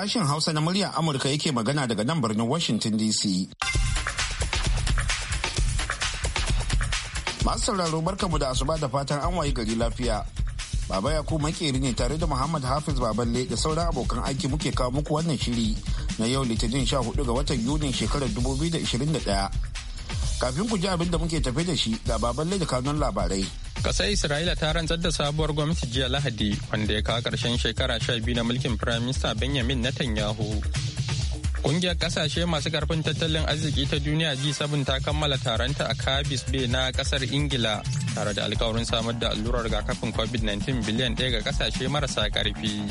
Sashen Hausa na muryar Amurka yake magana daga nan birnin Washington DC. Masu sauraro barkamu da asuba da fatan an wayi gari lafiya. Baba yakub makeri ne tare da Muhammad Hafiz Baballe da sauran abokan aiki muke kawo muku wannan shiri na yau Litinin 14 ga watan yuni shekarar 2021. Kafin ku ji abin da muke tafe da shi ga Baballe da kanun labarai. Ƙasar Isra'ila ta rantsar da sabuwar gwamnati jiya Lahadi wanda ya kawo karshen shekara sha biyu na mulkin Firayim Minista Benjamin Netanyahu. kungiyar ƙasashe masu karfin tattalin arziki ta duniya G7 ta kammala taronta a Kabis Bay na kasar Ingila tare da alkawarin samar da allurar rigakafin COVID-19 biliyan ɗaya ga ƙasashe marasa karfi.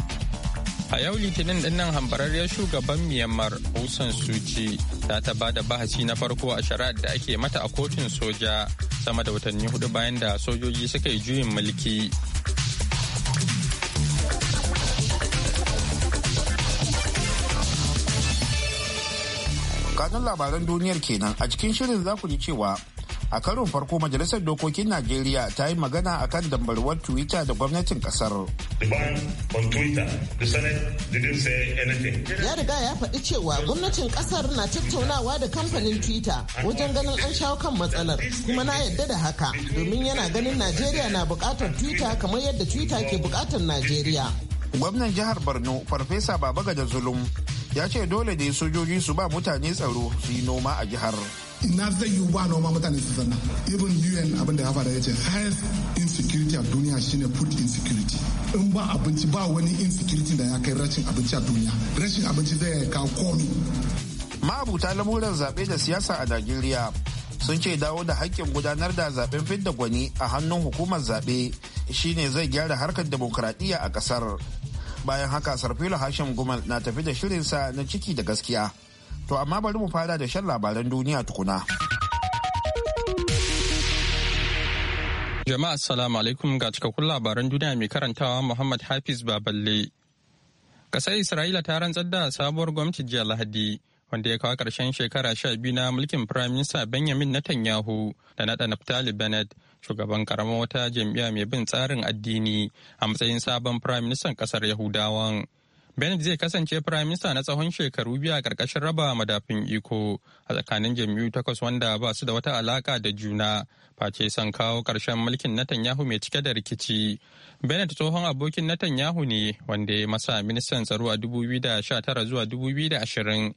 A yau Litinin ɗin nan hambararriyar shugaban Myanmar Aung San Suu ta ta ba da bahasi na farko a shari'ar da ake mata a kotun soja sama da watanni hudu bayan da sojoji suka yi juyin mulki. kanun labaran duniyar kenan a cikin shirin za ku cewa a karon farko majalisar dokokin najeriya ta yi magana a kan dambarwar twitter da gwamnatin kasar ya riga ya faɗi cewa gwamnatin kasar na tattaunawa da kamfanin twitter wajen ganin an shawo kan matsalar kuma na yadda da haka domin yana ganin najeriya na buƙatar twitter kamar yadda twitter ke buƙatar najeriya gwamnan jihar borno farfesa Baba Gada zulum ya ce dole ne sojoji su ba mutane tsaro su yi noma a jihar ina zai yi ba noma mutane su zanna even un abin da ya fara ya ce highest insecurity a duniya shine food insecurity in ba abinci ba wani insecurity da ya kai rashin abinci a duniya rashin abinci zai kawo komi ma'abuta lamuran zaɓe da siyasa a najeriya sun ce dawo da haƙƙin gudanar da zaɓen fidda gwani a hannun hukumar zaɓe shine zai gyara harkar demokuraɗiyya a ƙasar bayan haka sarfilo hashim gumal na tafi da shirinsa na ciki da gaskiya To amma bari mu fara da shan labaran duniya tukuna. Jama'a assalamu alaikum ga cikakkun labaran duniya mai karantawa Muhammad Hafiz Baballe. Kasar Isra'ila ta rantsar da sabuwar gwamnati jiya Lahadi wanda ya kawo ƙarshen shekara sha biyu na mulkin firaminista Benyamin Benjamin Netanyahu da naɗa Naftali Bennett shugaban karamar wata jam'iyya mai bin tsarin addini a matsayin sabon Firaministan ƙasar Yahudawan. Bennett zai kasance prime minister na tsawon shekaru biyu a karkashin raba madafin iko a tsakanin jam'iyyu takwas wanda ba su da wata alaƙa da juna face son kawo ƙarshen mulkin Netanyahu mai cike da rikici. Bennett tsohon abokin Netanyahu ne wanda ya masa ministan tsaro a 2019 zuwa 2020.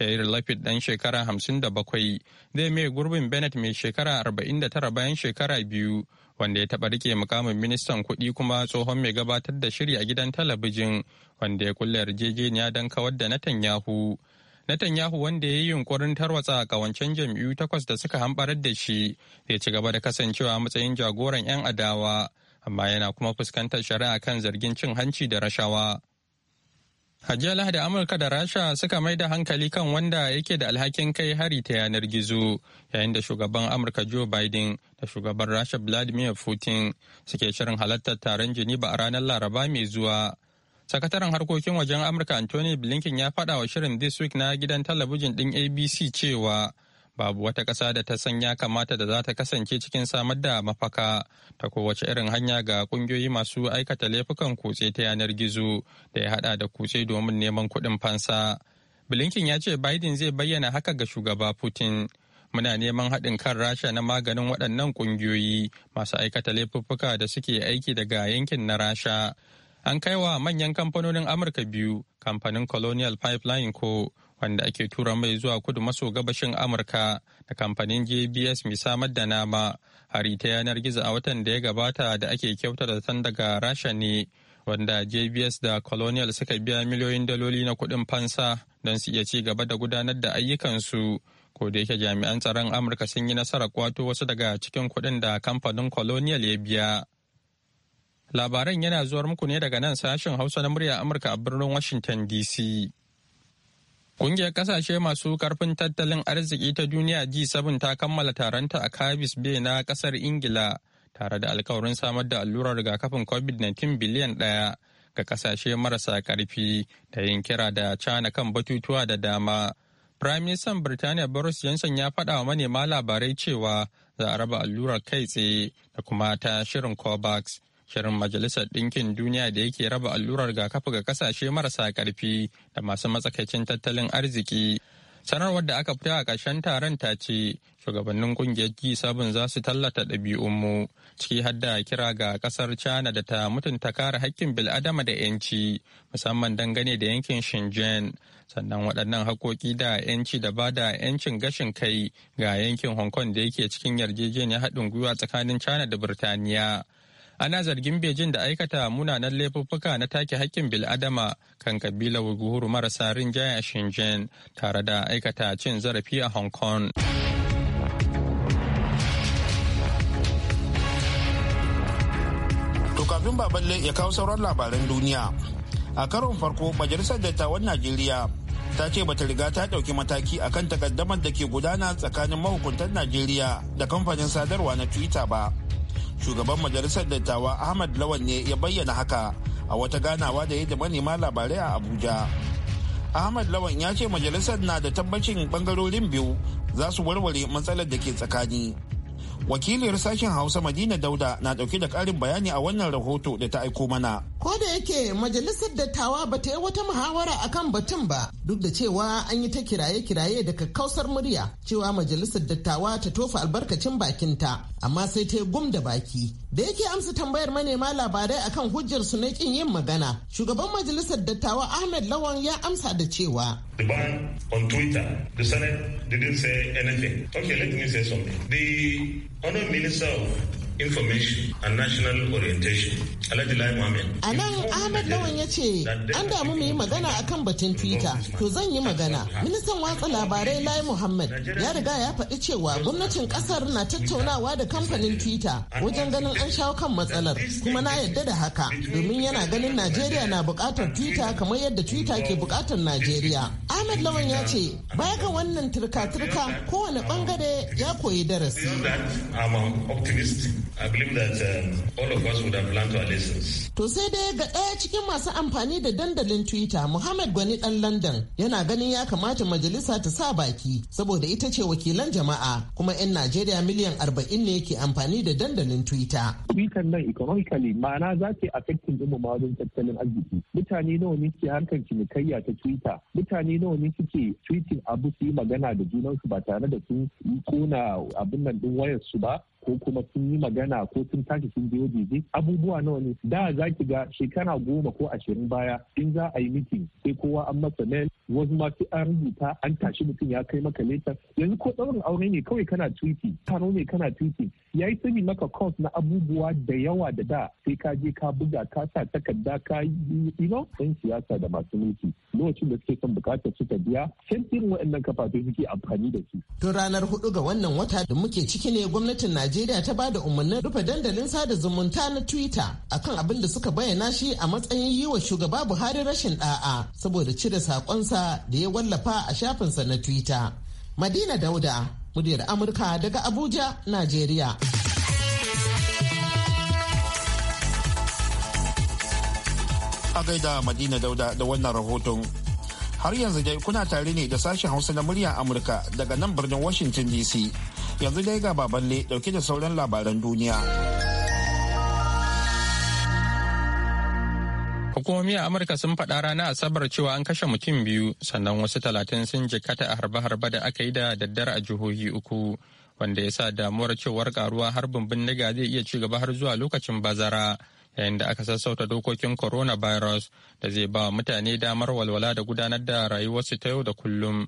yi lafit dan shekara 57 zai mai gurbin benet mai shekara 49 bayan shekara biyu wanda ya taɓa rike mukamin ministan kuɗi kuma tsohon mai gabatar da shiri a gidan talabijin wanda ya kulle yarjejeniya don kawar da Netanyahu. Netanyahu wanda ya yi yunkurin tarwatsa kawancen jam'iyyu takwas da suka hambarar da shi zai ci gaba da kasancewa matsayin jagoran 'yan adawa amma yana kuma fuskantar shari'a kan zargin cin hanci da rashawa. jiya Lahadi Amurka da Rasha suka mai da hankali kan wanda yake da alhakin kai hari ta yanar gizo yayin da shugaban Amurka Joe Biden da shugaban Rasha Vladimir Putin suke shirin halartar taron Geneva a ranar Laraba mai zuwa. Sakataren harkokin wajen Amurka Anthony Blinken ya faɗa wa shirin This Week na gidan talabijin ɗin ABC cewa babu wata ƙasa da ta san ya kamata da za ta kasance cikin samar da mafaka ta kowace irin hanya ga ƙungiyoyi masu aikata laifukan kutse ta yanar gizo da ya hada da kutse domin neman kuɗin fansa. Blinken ya ce Biden zai bayyana haka ga shugaba Putin. Muna neman haɗin kan Rasha na maganin waɗannan ƙungiyoyi masu aikata laifuka da suke aiki daga yankin na Rasha. An kai wa manyan kamfanonin Amurka biyu, kamfanin Colonial Pipeline ko wanda ake tura mai zuwa kudu maso gabashin amurka da kamfanin jbs mai samar da nama hari ta yanar gizo a watan da ya gabata da ake kyauta da tan daga rasha ne wanda jbs da colonial suka biya miliyoyin daloli na kudin fansa don su iya ci gaba da gudanar da ayyukansu ko da yake jami'an tsaron amurka sun yi nasarar kwato wasu daga cikin kudin da kamfanin colonial ya biya labaran yana zuwar muku ne daga nan sashen hausa na murya amurka a birnin washington dc Kungiyar kasashe masu karfin tattalin arziki ta duniya G7 ta kammala taronta a kabis Bay na kasar Ingila tare da alkawarin samar da allurar rigakafin COVID-19 biliyan ɗaya ga kasashe marasa karfi da yin kira da cana kan batutuwa da dama. Firaministan Birtaniya Boris Johnson ya faɗa wa manema labarai cewa za a raba allurar kai tsaye da kuma ta shirin COVAX. shirin majalisar ɗinkin duniya da yake raba allurar rigakafi ga kasashe marasa karfi da masu matsakaicin tattalin arziki sanarwar da aka fita a ƙarshen taron ta ce shugabannin ƙungiyar g7 za su tallata ɗabi'unmu ciki har da kira ga ƙasar china da ta mutunta kare haƙƙin bil'adama da 'yanci musamman dangane da yankin shenzhen sannan waɗannan haƙoƙi da 'yanci da ba da 'yancin gashin kai ga yankin hong kong da yake cikin yarjejeniyar haɗin gwiwa tsakanin china da birtaniya ana zargin Beijing da aikata munanan laifuffuka na take hakkin bil'adama kan kabilar Uighur marasa rinjaye a Shenzhen tare da aikata cin zarafi a Hong Kong. To kafin baballe ya kawo sauran labaran duniya. A karon farko majalisar dattawan Najeriya ta ce bata riga ta dauki mataki akan takaddamar da ke gudana tsakanin mahukuntan Najeriya da kamfanin sadarwa na Twitter ba. shugaban majalisar dattawa ahmad lawan ne ya bayyana haka a wata ganawa da ya da manema labarai a abuja ahmad lawan ya ce majalisar na da tabbacin bangarorin biyu za su warware matsalar da ke tsakani wakiliyar sashen hausa madina dauda na dauke da karin bayani a wannan rahoto da ta aiko mana Ko da yake majalisar dattawa ba ta yi wata muhawara akan batun ba duk da cewa an yi ta kiraye-kiraye daga kausar murya cewa majalisar dattawa ta tofa albarkacin bakinta amma sai ta yi gum da baki. Da yake amsa tambayar manema labarai akan hujjar su na kin yin magana. Shugaban majalisar dattawa Ahmed Lawan ya amsa da cewa. The on Twitter, the Senate didn't say anything. Okay, let me say something. The Honourable Minister of information and national orientation. Alhaji Lai A nan Ahmed Lawan ya ce an damu mu yi magana akan batun Twitter. To zan yi magana. Ministan watsa labarai Lai Mohammed ya riga ya faɗi cewa gwamnatin ƙasar na tattaunawa da kamfanin Twitter wajen ganin an shawo kan matsalar kuma na yadda da haka domin yana ganin Najeriya na buƙatar Twitter kamar yadda Twitter ke buƙatar Najeriya. Ahmed Lawan ya ce baya ga wannan turka-turka kowane bangare um, ya koyi darasi. I believe that um, all of us would have learned our lessons. To sai dai ga ɗaya cikin masu amfani da dandalin Twitter Muhammad Gwani ɗan London yana ganin ya kamata majalisa ta sa baki saboda ita ce wakilan jama'a kuma 'yan Najeriya miliyan 40 ne ke amfani da dandalin Twitter. Twitter nan economically ma'ana za ta affecting ɗin ma wajen tattalin arziki. Mutane nawa ne ke harkar cinikayya ta Twitter? Mutane nawa ne suke tweeting abu su yi magana da junansu ba tare da sun kona abin nan ɗin wayarsu ba? ko kuma sun yi magana ko sun tashi sun je wajeje abubuwa nawa ne da za ki ga shekara goma ko ashirin baya in za a yi mitin sai kowa an masa mail wasu ma sai an rubuta an tashi mutum ya kai maka leta yanzu ko tsawon aure ne kawai kana tweeting taro ne kana tweeting ya yi sani maka cost na abubuwa da yawa da da sai ka je ka buga ka sa takarda ka yi ino Yan siyasa da masu mulki lokacin da suke son bukatar su ta biya sai irin waɗannan kafafe suke amfani da su. tun ranar hudu ga wannan wata da muke ciki ne gwamnatin najeriya Najeriya ta bada umarnin rufe dandalin sada zumunta na Twitter akan abin da suka bayyana shi a matsayin yi wa shugaba Buhari rashin da'a saboda cire sakonsa da ya wallafa a shafinsa na Twitter. Madina Dauda, muryar Amurka daga Abuja, Najeriya. A gaida Madina Dauda da wannan rahoton har yanzu dai kuna tare ne da sashen hausa na muryar amurka daga nan birnin washington dc yanzu dai ga baballe dauke da sauran labaran duniya hukumomi a amurka sun faɗa rana asabar cewa an kashe mutum biyu sannan wasu talatin sun jikkata a harbe-harbe da aka yi da daddare a jihohi uku wanda ya sa damuwar cewar karuwa harbin bindiga zai iya ci gaba har zuwa lokacin bazara yayin da aka sassauta dokokin coronavirus da zai ba mutane damar walwala da gudanar da rayuwarsu ta yau da kullum.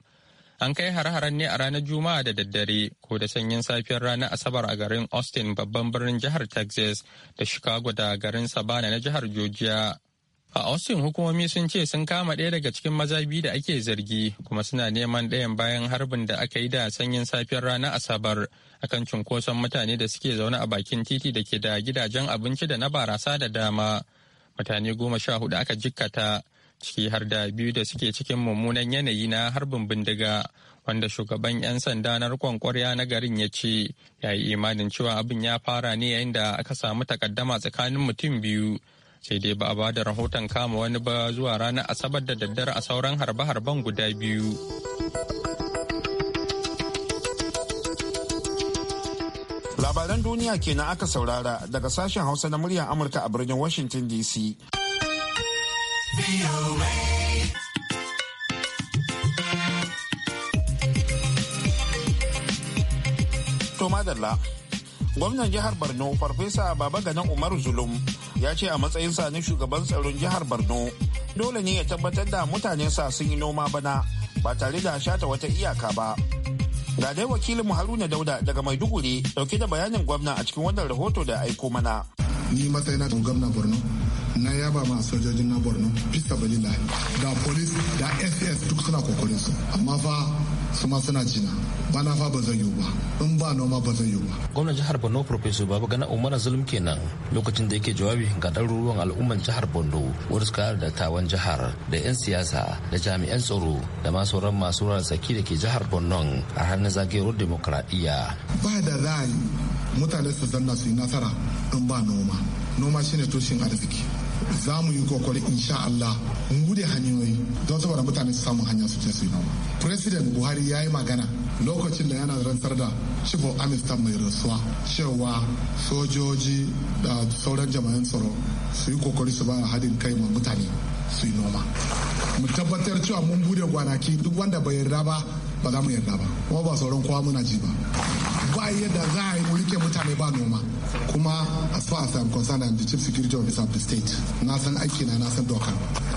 An kai hare haren ne a ranar Juma'a da daddare ko da sanyin safiyar ranar Asabar a garin Austin babban birnin jihar Texas da Chicago da garin Savannah na jihar Georgia. A Austin hukumomi sun ce sun kama ɗaya daga cikin maza biyu da ake zargi kuma suna neman ɗayan bayan harbin da aka yi da sanyin safiyar ranar Asabar akan cunkoson mutane da suke zaune a bakin titi da ke da gidajen abinci da na barasa da dama. Mutane goma sha hudu aka jikkata. ciki har da biyu da suke cikin mummunan yanayi na harbin bindiga wanda shugaban 'yan sanda na rikon na garin ya ce ya yi imanin cewa abin ya fara ne yayin da aka samu takaddama tsakanin mutum biyu sai dai ba a ba da rahoton kama wani ba zuwa ranar asabar da daddare a sauran harbe-harben guda biyu labaran duniya kenan aka saurara daga sashen hausa na muryar amurka a birnin washington dc To madalla, gwamnan jihar Borno Farfesa Baba Ganan Umar Zulum ya ce a matsayinsa na shugaban tsaron jihar Borno dole ne ya tabbatar da mutanensa sun yi noma bana ba tare da shata wata iyaka ba. Ga dai wakilin Haruna Dauda daga Maiduguri dauke da bayanin gwamna a cikin wannan rahoto da aiko mana. Ni matsayina gwamnan Borno na yaba ma sojojin na borno fista balila da polis da ss duk suna kokarin su amma fa su ma suna jina bana fa ba zan yi ba in ba noma ba zan yi ba gwamnan jihar borno professor babu gana umar zulum kenan lokacin da yake jawabi ga ɗaruruwan al'umman jihar borno wurin suka da tawan jihar da 'yan siyasa da jami'an tsaro da ma sauran masu ruwan tsaki da ke jihar borno a hannun zagayowar demokradiyya ba da za mutane su zanna su yi nasara in ba noma noma shine tushen arziki za mu yi kokari insha Allah mu bude hanyoyi don saboda mutane su samu hanya su je su yi noma president buhari ya yi magana lokacin da yana rantsar da Shibo amista mai rasuwa cewa sojoji da sauran jama'an tsaro su yi kokari su ba haɗin kai ma mutane su yi noma mu tabbatar cewa mun bude gwanaki duk wanda bai yarda ba ba za mu yarda ba kuma ba sauran kowa muna ji ba ba yadda za a yi suke mutane ba noma kuma as far as I'm concerned I'm the chief security officer of the state na san aiki na na san doka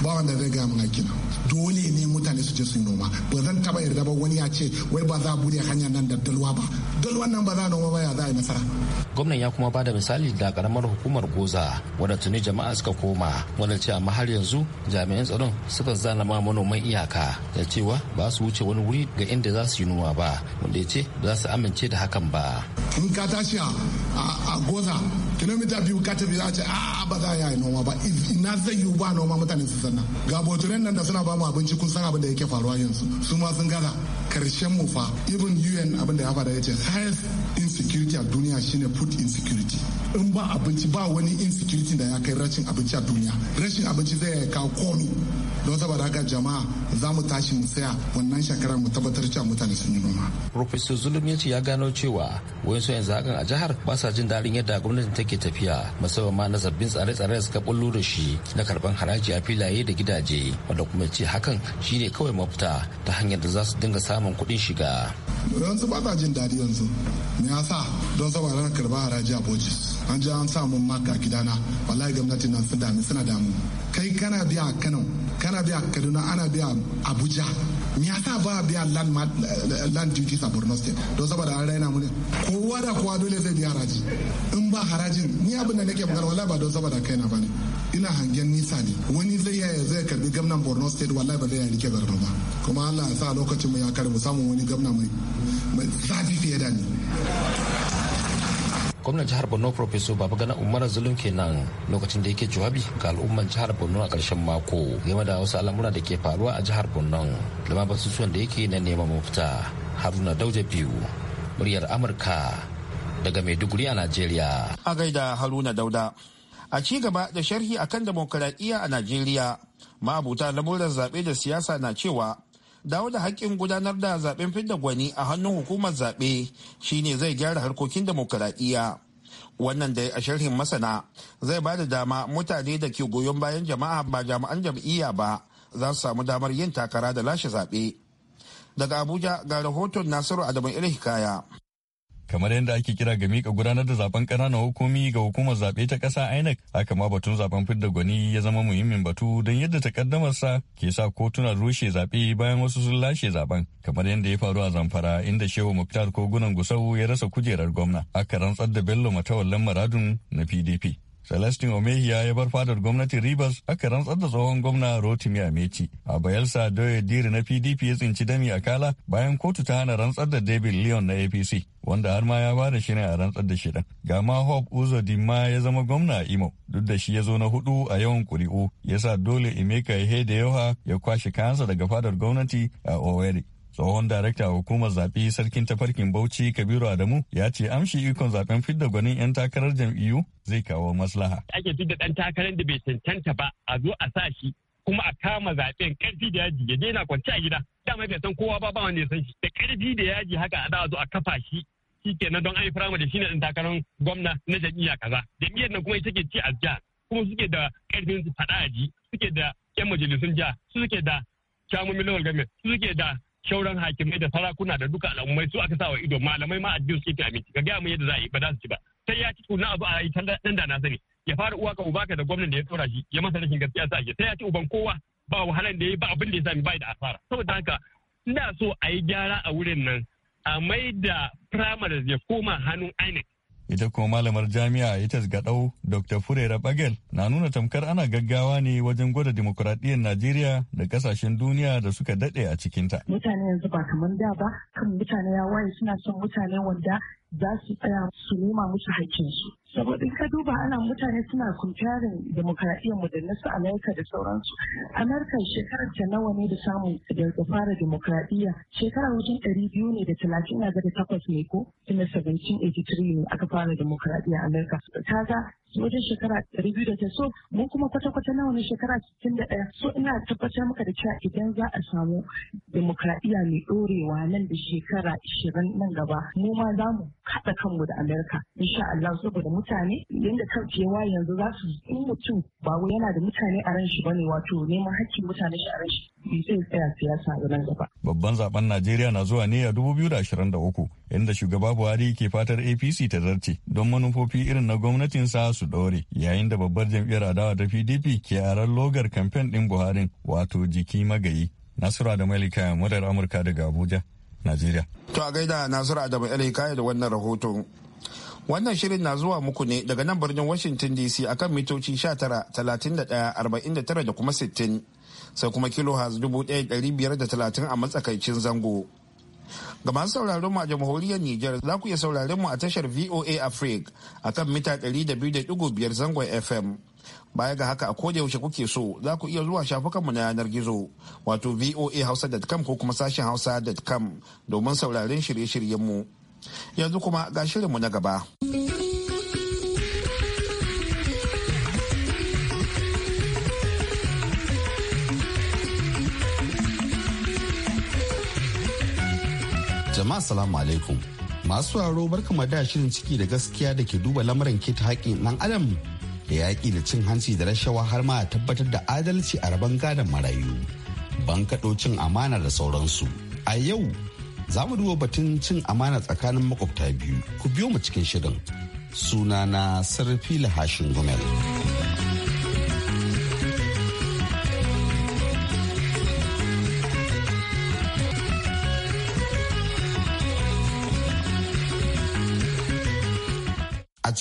ba wanda zai gaya min aiki na dole ne mutane su je su noma ba zan taba yarda ba wani ya ce wai ba za a bude hanyar nan da dalwa ba dalwa nan ba za a noma ba ya za a yi nasara gwamnan ya kuma ba da misali da karamar hukumar goza wadda tuni jama'a suka koma wadda ce amma har yanzu jami'an tsaron suka zana ma manoman iyaka da cewa ba su wuce wani wuri ga inda za su yi noma ba wanda ya ce ba za su amince da hakan ba in ka tashi a goza kilomita biyu ka tafi za ce a ah, ah, ba za a yi noma ba ina zai yiwu ba noma mutane su sanna ga boturen nan da suna ba mu abinci kun san abin da yake faruwa yanzu su ma sun gaza karshen mu fa even un abin da ya faɗa ya ce highest insecurity a duniya shine food insecurity in ba abinci ba wani insecurity da ya kai rashin abinci a duniya rashin abinci zai kawo komi don saboda haka jama'a za mu tashi mu saya wannan shekara mu tabbatar cewa mutane sun yi noma. Professor Zulum ya ce ya gano cewa so yanzu hakan a jihar ba sa jin daɗin yadda gwamnatin take tafiya musamman ma na sabbin tsare-tsare da suka bullo da shi na karban haraji a filaye da gidaje wanda kuma ce hakan shine kawai mafita ta hanyar da za su dinga samun kuɗin shiga. yanzu ba sa jin daɗi yanzu me yasa don saboda na karba haraji a bojis an ji an samu maka a gidana wallahi gwamnati na su dami suna damu kai kana biya a kano kana biya a kaduna ana biya abuja me yasa ba biya land eh, land duties a Borno state don saboda an raina mu ne kowa da kowa dole zai biya haraji in ba harajin ni abin da nake magana wallahi ba don saboda kaina bane ina hangen nisa ne wani zai yaya zai karbi gwamnan Borno state wallahi ba zai yaya rike zarra ba kuma Allah ya sa lokacin mu ya karbi mu samun wani gwamna mai zafi fiye da ni gwamnan jihar borno professor gana umar zulum kenan lokacin da yake jawabi ga al'umman jihar borno a ƙarshen mako game da wasu al'amura da ke faruwa a jihar borno da ma da yake na neman mafita haruna dauja biyu muryar amurka daga maiduguri a najeriya a gaida haruna dauda a ci gaba da sharhi akan dimokuraɗiyya a najeriya ma'abuta lamuran zaɓe da siyasa na cewa dawo da haƙƙin gudanar da zaben fidda gwani a hannun hukumar zaɓe shine zai gyara harkokin demokuraɗiyya wannan dai a sharhin masana zai ba da dama mutane da ke goyon bayan jama'a ba jami'an jam'iyya ba za su samu damar yin takara da lashe zaɓe daga abuja ga rahoton nasiru adamu irin hikaya kamar yadda ake kira ga mika gudanar da zaben ƙananan hukumi ga hukumar zaɓe ta ƙasa INEC haka ma batun zaben fidda gwani ya zama muhimmin batu don yadda takaddamarsa ke sa kotunan rushe zaɓe bayan wasu sun lashe zaben kamar yadda ya faru a Zamfara inda Shehu Muktar Kogunan Gusau ya rasa kujerar gwamna aka rantsar da Bello Matawallan Maradun na PDP. Celestin Omehiya ya bar fadar gwamnati Rivers aka rantsar da tsohon gwamna Rotimi Ameti. A Bayelsa Doye Diri na PDP ya tsinci dami a kala bayan kotu ta hana rantsar da David Leon na APC wanda har ma ya ba da shirin a rantsar da shi Ga ma Hope Uzo Dimma ya zama gwamna a Imo duk da shi ya zo na hudu a yawan kuri'u ya sa dole Emeka da Yoha ya kwashe kansa daga fadar gwamnati a Owerri. tsohon darakta a hukumar zaɓe sarkin tafarkin bauchi kabiru adamu ya ce amshi ikon zaben fidda gwanin 'yan takarar jam'iyyu zai kawo maslaha ake fidda ɗan takarar da bai cancanta ba a zo a sa shi kuma a kama zaɓen ƙarfi da yaji ya daina kwanci a gida dama bai san kowa ba ba wanda ya san shi da ƙarfi da yaji haka a a zo a kafa shi shi kenan don a yi firamare ne ɗan takarar gwamna na jam'iyya kaza jam'iyyar nan kuma ita ke ci a jiha kuma suke da ƙarfin su faɗa a ji suke da 'yan majalisun jiya suke da kyamun milowar suke da shauran hakimai da sarakuna da duka al'ummai su aka sawa ido malamai ma addini suke aminci ka gaya mu yadda za a yi ba za su ci ba sai ya ci na abu a yi dan da na sani ya fara uwa ka uba ka da gwamnan da ya tsora shi ya masa rashin gaskiya sa shi sai ya ci uban kowa ba wahalan da ya yi ba abin da ya sami bai da asara saboda haka ina so a yi gyara a wurin nan a mai da firamare ya koma hannun INEC ita kuma malamar jami'a ga gadau dr furera bagel na nuna tamkar ana gaggawa ne wajen gwada demokuraɗiyyar najeriya da kasashen duniya da suka daɗe a cikinta mutane yanzu ba kamar da ba kan mutane ya waye suna son mutane wanda za su tsaya su nema musu haƙƙinsu saboda ka duba ana mutane suna kuntarin demokradiyyar mu da nasu amerika da sauransu amerika shekarar ta nawa ne da samun da fara demokaradiyya shekara wajen ɗari biyu ne da talatin na gada takwas ne ko tunda 1783 ne aka fara demokradiyya amerika ga wajen shekara ɗari biyu da ta so mun kuma kwata-kwata nawa ne shekara cikin da ɗaya so ina tabbatar maka da cewa idan za a samu demokradiyya mai ɗorewa nan da shekara ashirin nan gaba mu ma za mu haɗa kanmu da Amerika insha Allah saboda mutane yadda kaucewa yanzu za su in mutum ba wai yana da mutane a ran shi ne wato neman hakkin mutane shi a ran shi zai tsaya siyasa a nan gaba. Babban zaben Najeriya na zuwa ne a dubu biyu da uku inda shugaba Buhari ke fatar APC ta zarce don manufofi irin na gwamnatin gwamnatinsa su ɗore yayin da babbar jam'iyyar adawa ta pdp ke aran logar kamfen ɗin buhari wato jiki magayi nasura da malika murar amurka daga abuja najeriya to a gaida nasura da malika da wannan rahoton wannan shirin na zuwa muku ne daga nan birnin washington dc akan mitoci sha tara talatin da kuma sittin sai kuma kilo da talatin a matsakaicin zango Ga masu sauraron mu a jamhuriyar Nijar za ku iya saurare mu a tashar VOA Africa a kan mita 200.5 zangon FM. Baya ga haka a koda yaushe kuke so za ku iya zuwa mu na yanar gizo wato voahausa.com ko kuma sashen hausa.com domin sauraren shirye shiryen mu Yanzu kuma ga shirinmu na gaba. Jama'a salamu alaikum. Masu raro barkama da shirin ciki da gaskiya da ke duba lamarin keta haƙƙin ɗan adam da yaƙi da cin hanci da rashawa har ma tabbatar da adalci a rabon gadon marayu. ban Bankaɗo cin amana da sauransu. A yau za mu duba batun cin amana tsakanin makwabta biyu. Ku biyo mu cikin shirin. Sunana Sarfila Hashin Gumel.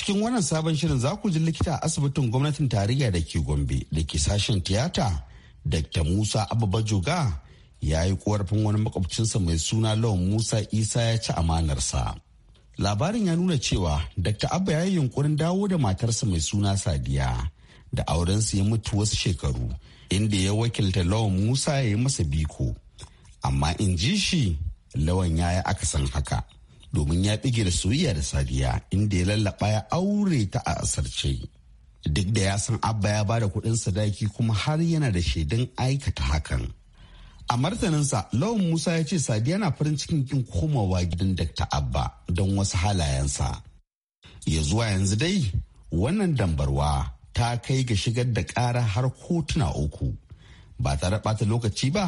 cikin wannan sabon shirin za ku ji likita a asibitin gwamnatin tarayya da ke gombe da ke sashen tiyata dr musa ababa joga ya yi korafin wani makwabcinsa mai suna lawan musa isa ya ci amanarsa labarin ya nuna cewa dr abba ya yi yunkurin dawo da matarsa mai suna sadiya da aurensu ya mutu wasu shekaru inda ya wakilta lawan musa ya yi masa biko amma in ji shi lawan ya yi akasin haka domin ya bige da soyayya da sadiya inda ya lallaba ya aure ta a asarce duk da ya san abba ya bada kuɗin sadaki kuma har yana da shaidun aikata hakan a martaninsa lawan musa ya ce sadiya na farin cikin kin komawa gidan dakta abba don wasu halayensa ya zuwa yanzu dai wannan dambarwa ta kai ga shigar da ƙara har kotuna uku ba tare ɓata lokaci ba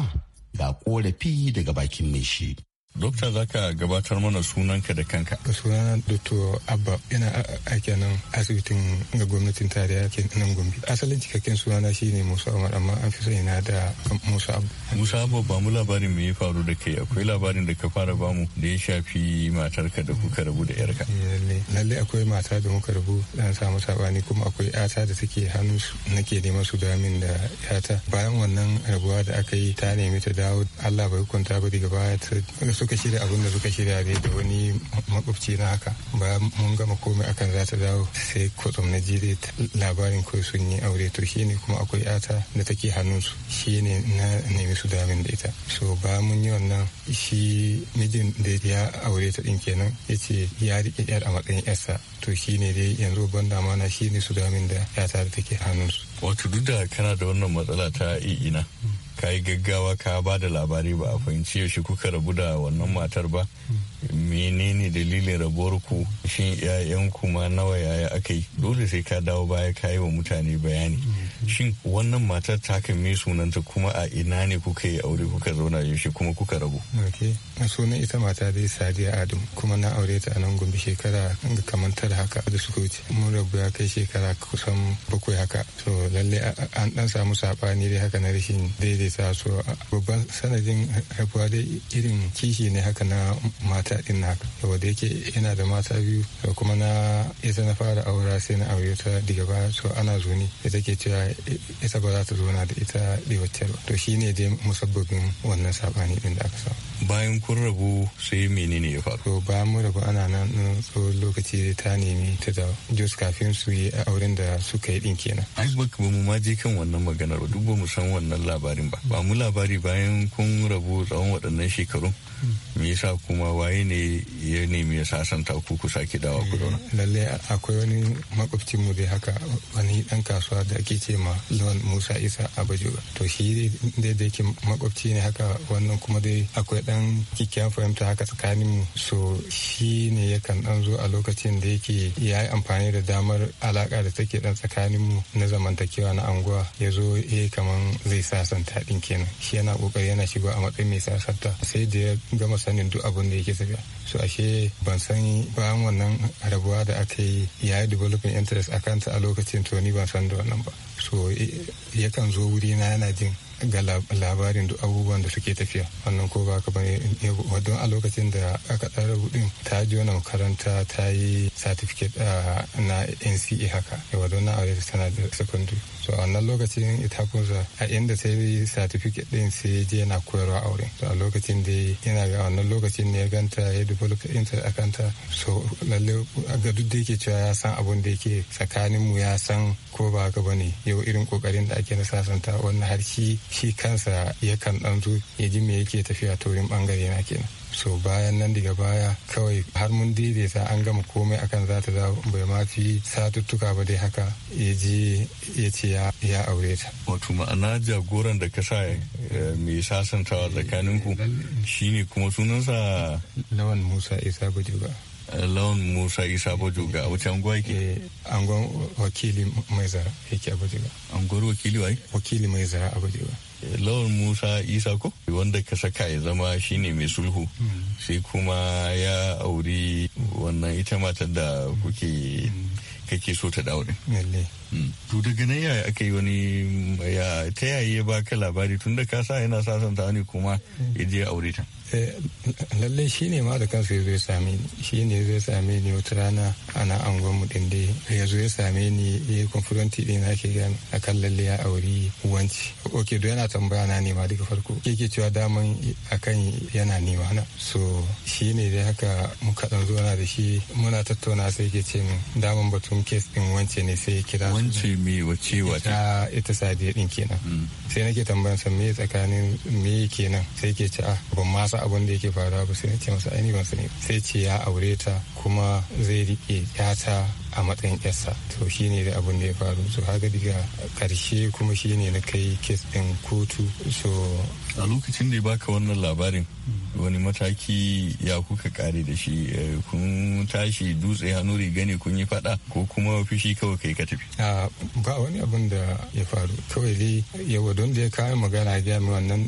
ga ƙorafi daga bakin mai shi Dokta za ka gabatar mana sunanka da kanka. Sunana Dr. Abba yana aiki nan asibitin ga gwamnatin tarayya ke nan Gombe. Asalin cikakken sunana shine Musa Umar amma an fi sani da Musa Abba. Musa Abba ba mu labarin me ya faru da kai akwai labarin da ka fara ba mu da ya shafi matarka da kuka rabu da yarka. Eh, lalle akwai mata da muka rabu dan samu sabani kuma akwai yata da take hannu nake neman su damin da yata. Bayan wannan rabuwa da aka yi ta nemi ta dawo Allah bai kwanta ba daga baya ta suka shirya abin da suka shirya dai da wani makwabci na haka ba mun gama komai akan za ta dawo sai kotsom na ji dai labarin ko sun yi aure to shi ne kuma akwai yata da take hannunsu shi ne na nemi su damin da ita so ba mun yi wannan shi mijin da ya aure ta din kenan ya ce ya riƙe yar a matsayin yarsa to shi ne dai yanzu ban damana shi ne su damin da yata da take hannunsu wato duk da kana da wannan matsala ta ina. E e ka yi gaggawa ka ba da labari ba a fahimci yaushe kuka rabu da wannan matar ba menene dalilin rabuwar ku shin 'ya'yanku ma nawa yaya aka yi dole sai ka dawo baya ka yi wa mutane bayani shin wannan matar ta kame sunanta kuma a ina ne kuka yi aure kuka zauna yaushe kuma kuka rabu sunan ita mata dai sadiya adam kuma na aure ta a nan gombe shekara kamar tara haka da suka wuce mun rabu ya kai shekara kusan bakwai haka to lalle an dan samu sabani dai haka na rashin daidaita so babban sanadin haifuwa dai irin kishi ne haka na mata din haka saboda yake yana da mata biyu kuma na ita na fara aura sai na aure ta daga baya so ana zuni ita ke cewa ita ba za ta zo na da ita ɗewacce ba to shine dai musabbabin wannan saɓani ɗin da aka samu bayan kun rabu sai menene ya faru to bayan mu rabu ana nan tsawon lokaci ta nemi ta da jos kafin su yi a auren da suka yi ɗin kenan ai ba mu ma je kan wannan maganar duk ba mu san wannan labarin ba ba mu labari bayan kun rabu tsawon waɗannan shekaru. me yasa kuma waye ne ya nemi ya sasanta ku ku sake dawa ku zauna eh, lalle akwai wani makwabcin mu dai haka wani dan kasuwa da ake ce ma Lawan Musa Isa Abajuga to shi dai da yake makwabci ne haka wannan kuma dai akwai ɗan kikkiyan fahimta haka tsakanin mu so shi ne yakan dan zo a lokacin da yake ya yi amfani da damar alaka da take dan tsakanin mu na zamantakewa na anguwa ya zo ya eh, kaman zai sasanta ɗin kenan shi yana kokari yana shigo a matsayin mai sasanta sai da ya gama sanin duk abin da yake tafiya so ashe ban san bayan wannan rabuwa da aka yi ya yi developing interest a kanta a lokacin to ban san da wannan ba so yakan zo wuri na yana jin ga labarin duk abubuwan da suke tafiya wannan ko ba ka bane wadon a lokacin da aka tsara hudun ta ji wani makaranta ta yi certificate na NCE haka yawa wadon na aure sana da secondary so a wannan lokacin ita kunsa a inda ta yi certificate din sai je yana koyarwa aure so a lokacin da yana ga wannan lokacin ne ya ganta ya develop inter a kanta so lalle ga duk da yake cewa ya san abun da yake tsakaninmu ya san ko ba ka bane yau irin kokarin da ake na sasanta wannan harshe shi kansa yakan ɗan zo ya ji me yake tafiya ta wurin ɓangare na kenan so bayan nan daga baya kawai har mun daidaita an gama komai akan za ta dawo bai ma fi satuttuka ba dai haka ya ji ya ce ya aure ta. wato ma'ana jagoran da ka sa eh, mai sasantawa tsakaninku eh, shine kuma sunansa lawan musa isa bujuga eh, lawan musa isa bajoga a wace anguwa yake angon wakili mai zara yake a bajoga angon wakili wai wakili mai zara a bajoga lawan musa isa ko wanda ka saka ya zama shine mai sulhu sai kuma ya auri wannan ita matar da kuke kake so ta daure. Hmm. To daga nan yaya aka yi wani ya ta yaya ba ka labari tun da ka sa yana sasanta ne kuma ya je aure ta. Eh, lallai shi ne ma da kansa ya zo ya same ni shi ne zai same ni wata rana a na angon mu din ya zo ya same ni ya yi konfuranti din ake gani a kan lallai ya auri wanci ok do yana tambaya na nema daga farko yake cewa daman kan yana nema na so shi ne dai haka muka dan zo na da shi muna tattauna sai yake ce min daman batun kes din wance ne sai ya kira wance me wace wata ita sadiya din kenan hmm. sai nake tambayan sa me tsakanin me kenan sai yake ce ah ban ma abin da yake faruwa ba sai na ce masa aini ban sani sai ce ya aure ta kuma zai rike yata a matsayin yarsa to shine da abin da ya faru so haka daga karshe kuma shine na kai kes din kotu so a lokacin da ya baka wannan labarin wani mataki ya kuka kare da shi eh, kun tashi dutse hannu riga ne kun yi fada ko kuma fushi kawai kai ka tafi ba wani abun da ya faru kawai dai yawa don da ya kawo magana ya mu wannan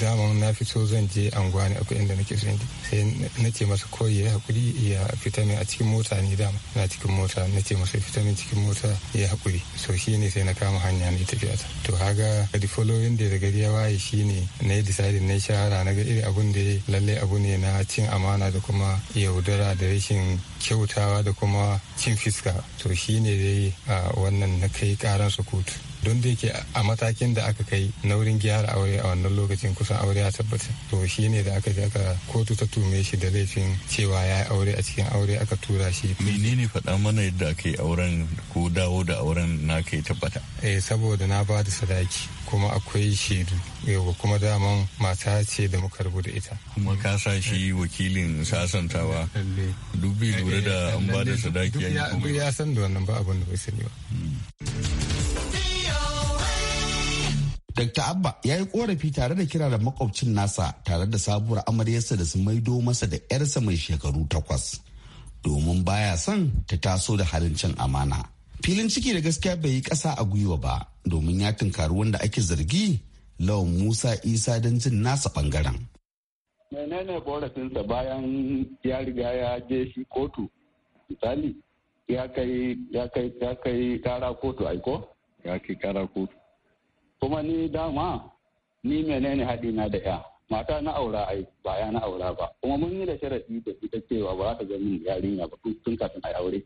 dama na fito zan je anguwa gwani akwai inda nake son je sai na ce masa ko ya hakuri ya fita min a cikin mota ne dama na cikin mota na ce masa fita min cikin mota ya hakuri so shi ne sai na kama hanya ne tafiya ta to haga da following da gari ya waye shi ne na yi decide na shahara na ga irin abun abun da lalle abu ne na cin amana da kuma yaudara da rashin kyautawa da kuma cin fiska to shine dai a wannan na kai karansu kotu don da yake a matakin da aka kai naurin gyara aure a wannan lokacin kusan aure ya tabbata to shi ne da aka jaka aka kotu ta tume shi da laifin cewa ya yi aure a cikin aure aka tura shi menene faɗa mana yadda aka yi auren ko dawo da auren na kai tabbata eh saboda na ba da sadaki kuma akwai shaidu yau kuma daman mata ce da muka rubuta ita kuma ka sa shi wakilin sasantawa dubi lura da an ba da sadaki ya san da wannan ba abin da bai sani ba hmm. Dr. Abba ya yi korafi tare da kira da makwabcin nasa tare da sabuwar amaryarsa da su maido masa da 'yarsa mai shekaru takwas. Domin baya son ta taso da halin cin amana. Filin ciki da gaskiya bai yi ƙasa a gwiwa ba domin ya tunkari wanda ake zargi lawan Musa Isa don jin nasa ɓangaren. Menene korafinsa bayan ya riga ya je shi kotu? Misali, ya kai kara kotu aiko? Ya kai kara kotu. kuma ni dama ni menene haɗina da ya mata na aura ai ba ya na aura ba kuma mun yi da sharadi da ita cewa ba za ta ga min yarinya ba tun kafin ai aure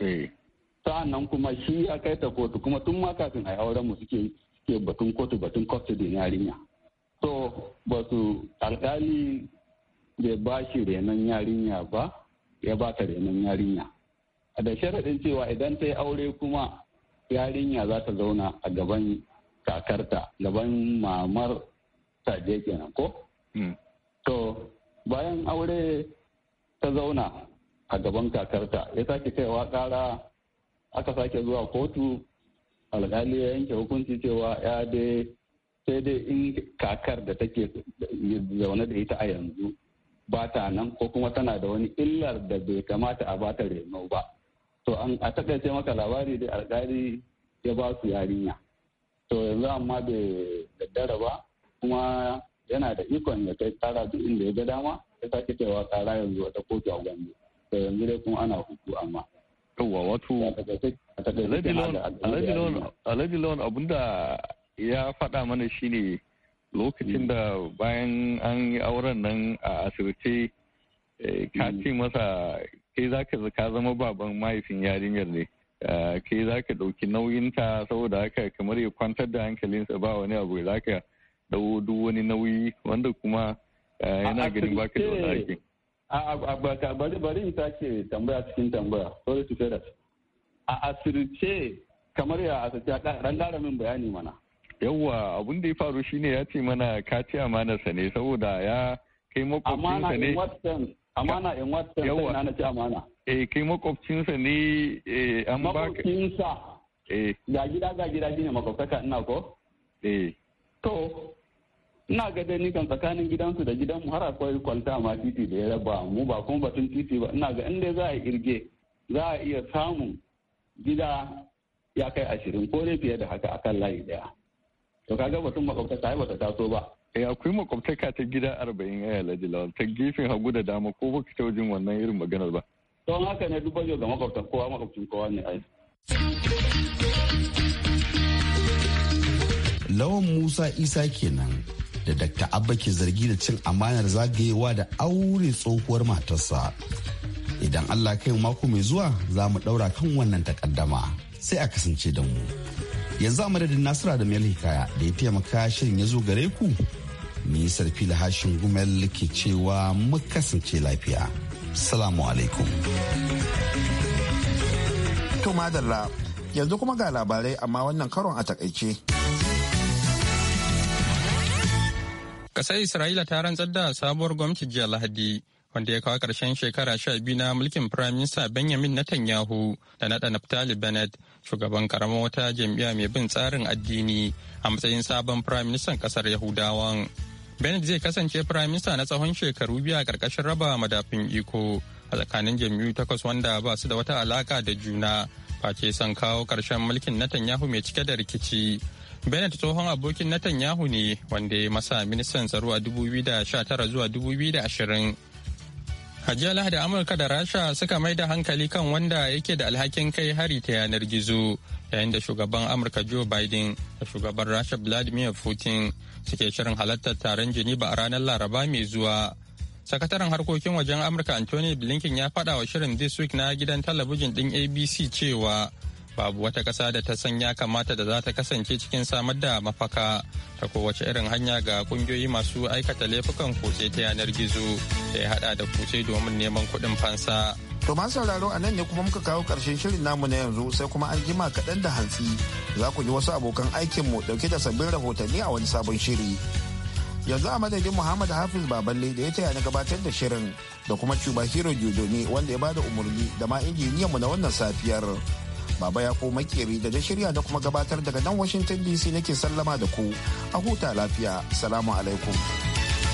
eh. sa'annan kuma shi ya kai ta kotu kuma tun ma kafin ai auren mu suke suke batun kotu batun da yarinya to ba su alkali bai ba shi renon yarinya ba ya ba ta renon yarinya da sharaɗin cewa idan ta yi aure kuma yarinya za ta zauna a gaban kakarta gaban mamar saje kenan ko hmm. to bayan aure ta zauna a gaban kakarta ya sake kaiwa kara aka sake zuwa kotu alkali ya yanke hukunci cewa ya dai sai dai in kakar da take zaune da ita a yanzu ba ta nan ko kuma tana da wani illar da bai kamata a bata reno ba to an a takaice maka labari da alkali ya ba su yarinya to yanzu amma bai daddara ba kuma yana da ikon ya kai tsara duk inda ya ga dama ya sake cewa tsara yanzu wata kotu a gwamnati to yanzu dai kuma ana hutu amma yawwa wato alhaji lawan abinda ya faɗa mana shine lokacin mm. da bayan an yi auren nan a asirce eh, ka mm. ce masa kai za ka zama baban mahaifin yarinyar ne kai za ka ɗauki nauyinta saboda haka kamar ya kwantar da hankalinsa ba wani abu za ka ɗau duk wani nauyi wanda kuma yana ganin baka da wani eh, aikin. bari bari ita ke tambaya cikin tambaya sorry to say a asirce kamar ya asirce ɗan lara min bayani mana yawwa abun da ya faru shine ya ce mana ka ce amanarsa ne saboda ya kai makwabcinsa ne amana in wata sai na na ce amana eh kai makwabcinsa ne eh an ba makwabcinsa eh ga gida ga gida shine makwabtaka ina ko eh to ina ga dai ni kan tsakanin gidansu da gidanmu har akwai kwalta ma titi da ya raba mu ba kuma batun titi ba ina ga inda za a irge za a iya samun gida ya kai ashirin ko ne fiye da haka akan layi daya to kaga batun makwabtaka ai bata taso ba eh akwai makwabtaka ta gida arba'in ya eh, alhaji lawal ta gefen hagu da dama ko baki ta wajen wannan irin maganar ba don haka ne duk bajo ga makwabtan kowa makwabcin kowa ne ai lawan musa isa kenan da dr abba ke zargi da cin amanar zagayewa da aure tsohuwar matarsa idan allah kai mako mai zuwa za mu daura kan wannan takaddama sai a kasance da mu yanzu a madadin nasira da mel hikaya da ya taimaka shirin ya zo gare ku sarfi da hashin gumel ke cewa kasance lafiya salamu alaikum to madalla yanzu kuma ga labarai amma wannan karon a takaice kasar isra'ila ta rantsar da sabuwar gwamnati jiya lahadi wanda ya kawo ƙarshen shekara sha biyu na mulkin firaminista benjamin netanyahu da naɗa naftali benet shugaban karamar wata jam'iyya mai bin tsarin addini a matsayin sabon firaministan ƙasar yahudawan benet zai kasance firaminista na tsawon shekaru biyu a ƙarƙashin raba madafin iko a tsakanin jam'iyyu takwas wanda ba su da wata alaƙa da juna face son kawo ƙarshen mulkin netanyahu mai cike da rikici benet tsohon abokin Netanyahu ne wanda ya masa ministan tsaro a tara zuwa ashirin. a jiya Lahadi Amurka da Rasha suka mai da hankali kan wanda yake da alhakin kai hari ta yanar gizo yayin da shugaban Amurka Joe Biden da shugaban Rasha Vladimir Putin suke shirin halartar taron Geneva a ranar Laraba mai zuwa. Sakataren harkokin wajen Amurka Anthony Blinken ya faɗa wa shirin This Week na gidan talabijin ɗin ABC cewa babu wata ƙasa da ta san ya kamata da za ta kasance cikin samar da mafaka ta kowace irin hanya ga kungiyoyi masu aikata laifukan kutse ta yanar gizo da ya haɗa da kutse domin neman kuɗin fansa. To masu sauraro a nan ne kuma muka kawo ƙarshen shirin namu na yanzu sai kuma an jima kaɗan da hantsi za ku ji wasu abokan aikinmu ɗauke da sabbin rahotanni a wani sabon shiri. yanzu a madadin muhammad hafiz baballe da ya taya na gabatar da shirin da kuma cuba hero ne wanda ya bada umarni da ma mu na wannan safiyar Baba ya koma makeri da na shirya da kuma gabatar daga nan Washington DC nake sallama da ku. A huta lafiya. Salamu alaikum.